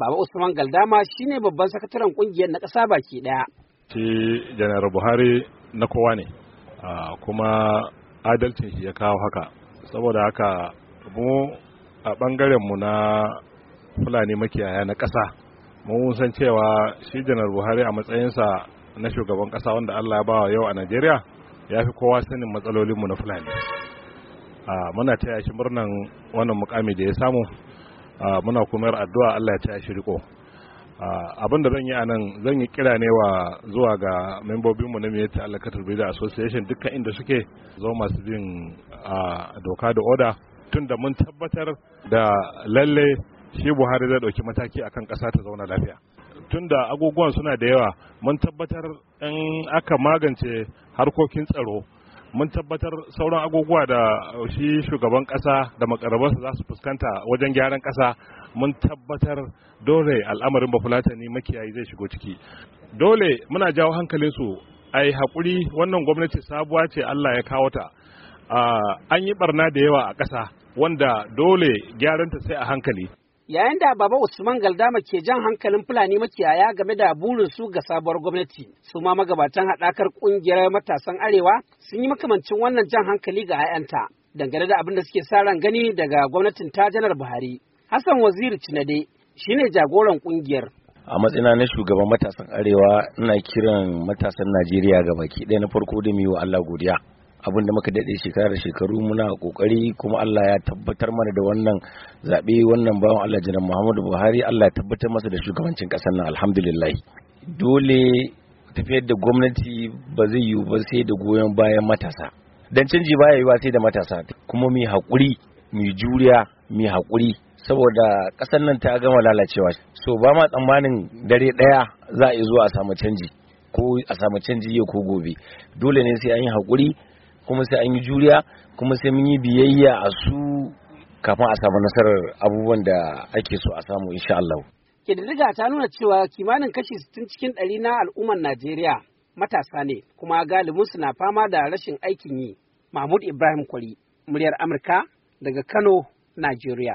Baba Usman Galdama shi ne babban sakataren kungiyar na ƙasa baki ɗaya. Shi Janar Buhari na kowa ne, kuma adalcin shi ya kawo haka. Saboda haka mu a ɓangarenmu na Fulani makiyaya na ƙasa, mun san cewa shi Janar Buhari a matsayinsa na shugaban ƙasa wanda Allah ya bawa yau a Najeriya ya fi kowa sanin matsalolinmu na Fulani. Muna taya shi murnan wannan mukami da ya samu Ah, muna kuma yar addu'a Allah ya ci shi riko ah, abin da zan yi a nan zan yi kira ne wa zuwa ga membobinmu na miyata alakatar bida association duka inda suke zo masu bin ah, doka da oda Tunda da mun tabbatar da lalle shi buhari zai ɗauki mataki akan ƙasa ta zauna lafiya Tunda da suna da yawa mun tabbatar in aka magance harkokin tsaro mun tabbatar sauran agogowa da shi shugaban kasa da makarabarsa za su fuskanta wajen gyaran kasa mun tabbatar dole al'amarin bafulatani makiyayi zai shigo ciki dole muna jawo hankalinsu a yi haƙuri wannan gwamnati sabuwa ce allah ya kawo ta ah, an yi barna da yawa a ƙasa wanda dole gyaranta sai a hankali Yayin da Baba Usman Galdama ke jan hankalin Fulani makiyaya game da burin su ga sabuwar gwamnati, su ma magabatan haɗakar ƙungiyar matasan Arewa sun yi makamancin wannan jan hankali ga 'ya'yanta dangane da abin da suke sa ran gani daga gwamnatin ta janar Buhari. Hassan Waziri Cinade shine jagoran ƙungiyar. a matsayin na shugaban matasan arewa ina kiran matasan najeriya ga baki ɗaya na farko da mu wa allah godiya abin da muka daɗe shekara da shekaru muna kokari kuma Allah ya tabbatar mana da wannan zaɓe wannan bawan Allah jinan Muhammadu Buhari Allah ya tabbatar masa da shugabancin ƙasar nan alhamdulillah dole tafiyar da gwamnati ba zai yiwu ba sai da goyon bayan matasa dan canji baya yiwa sai da matasa kuma mu haƙuri mu juriya mu haƙuri saboda ƙasar nan ta gama lalacewa so ba ma tsammanin dare ɗaya za a iya zuwa a samu canji ko a samu canji yau ko gobe dole ne sai an yi haƙuri kuma sai an yi juriya kuma sai mun yi biyayya a su kafin a samu nasarar abubuwan da ake so a samu insha Allah. ta nuna cewa kimanin kashi 60 cikin ɗari na al'ummar Najeriya matasa ne kuma galibinsu na fama da rashin aikin yi. Mahmud Ibrahim Kwari, muryar Amurka daga Kano, Najeriya.